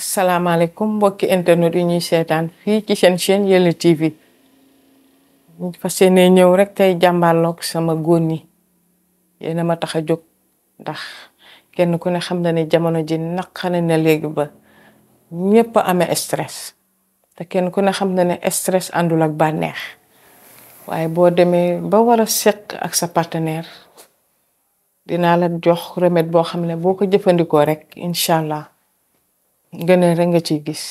asalaamaaleykum mbokki internet yi ñuy seetaan fii ci seen chaîne Yelli TV ñu fas yéene ñëw rek tey jàmbaarloog sama góor ñi yéen a ma tax a jóg ndax kenn ku ne xam na ne jamono ji naqane na léegi ba ñëpp a amee te kenn ku ne xam na ne stress àndul ak bànneex waaye boo demee ba war a ak sa partenaire dinaa la jox remède boo xam ne boo ko jëfandikoo rek incha allah. ngëneel rek nga ci gis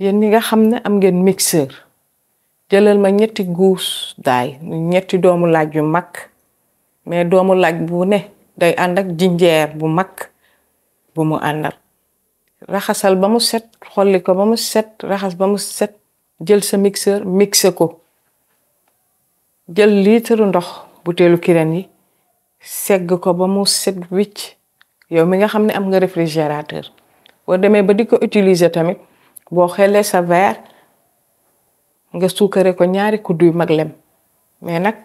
yéen ñi nga xam ne am ngeen mixeur jëlal ma ñetti guus daay ñetti doomu laaj yu mag mais doomu laaj bu ne day ànd ak jinjeer bu mag bu mu àndal raxasal ba mu set xolli ko ba mu set raxas ba mu set jël sa mixeur mixé ko jël liitaru ndox butéelu kireen yi segg ko ba mu set wicc yow mi nga xam ne am nga réfrigérateur boo demee ba di ko utiliser tamit boo xelee sa veer nga suukaree ko ñaari kuddu yu mag lem mais nag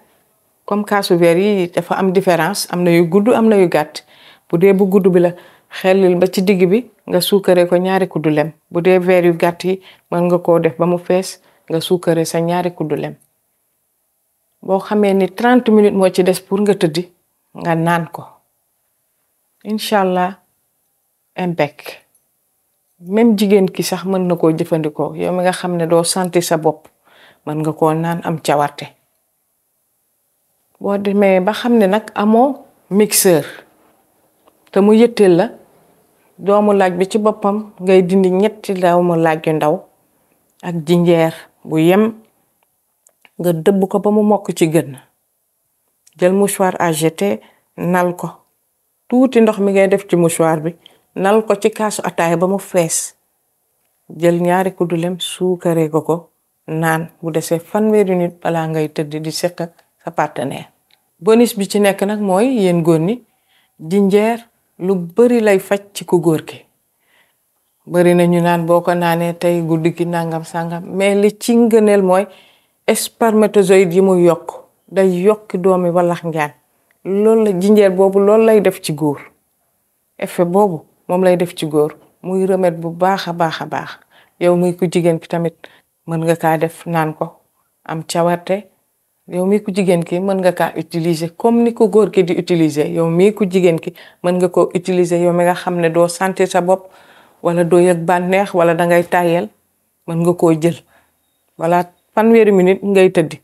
comme kaasu verre yi dafa am différence am na yu gudd am na yu gàtt bu dee bu gudd bi la xelil ba ci digg bi nga suukaree ko ñaari kuddu lem bu dee veer yu gàtt yi mën nga koo def ba mu fees nga suukaree sa ñaari kuddu lem boo xamee ni trent minutes moo ci des pour nga tëddi nga naan ko incha allah impec même jigéen ki sax mën na koo jëfandikoo yow mi nga xam ne doo santi sa bopp mën nga koo naan am cawarte boo demee ba xam ne nag amoo mixeur te mu yëtteel la doomu laaj bi ci boppam ngay dindi ñetti doomu laaj yu ndaw ak jinjeer bu yem nga dëbb ko ba mu mokk ci gën na jël mouchoir à nal ko tuuti ndox mi ngay def ci mouchoir bi nal ko ci kaasu ataaya ba mu fees jël ñaari kuddulem suukaree ko ko naan bu desee fanweeri nit balaa ngay tëdd di seq sa partenaire. bonus bi ci nekk nag mooy yéen góor ñi jinjeer lu bari lay faj ci ku góor ki bari na ñu naan boo ko naanee tey guddi ki nangam sangam mais li ci ngëneel mooy spermatozoïde yi mu yokk day yokki doomi walax njaan loolu la jinjeer boobu loolu lay def ci góor effet boobu moom lay def ci góor muy remède bu baax a baax a baax yow muy ku jigéen ki tamit mën nga kaa def naan ko am cawarte yow mii ku jigéen ki mën nga kaa utiliser comme ni ko góor ki di utiliser yow mii ku jigéen ki mën nga koo utiliser yow mi nga xam ne doo sentir sa bopp wala doo yëg bànneex wala dangay tàyyel mën nga koo jël wala fanweeri minute ngay tëddi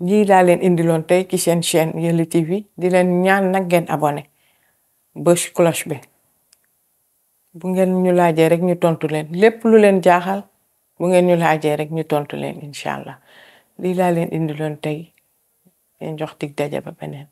ñii laa leen indiloon tey ci seen chaîne Yelli TV di leen ñaan nag ngeen abonné bës cloche bi bu ngeen ñu laajee rek ñu tontu leen lépp lu leen jaaxal bu ngeen ñu laajee rek ñu tontu leen incha allah lii laa leen indiloon tey jox dig daje ba beneen.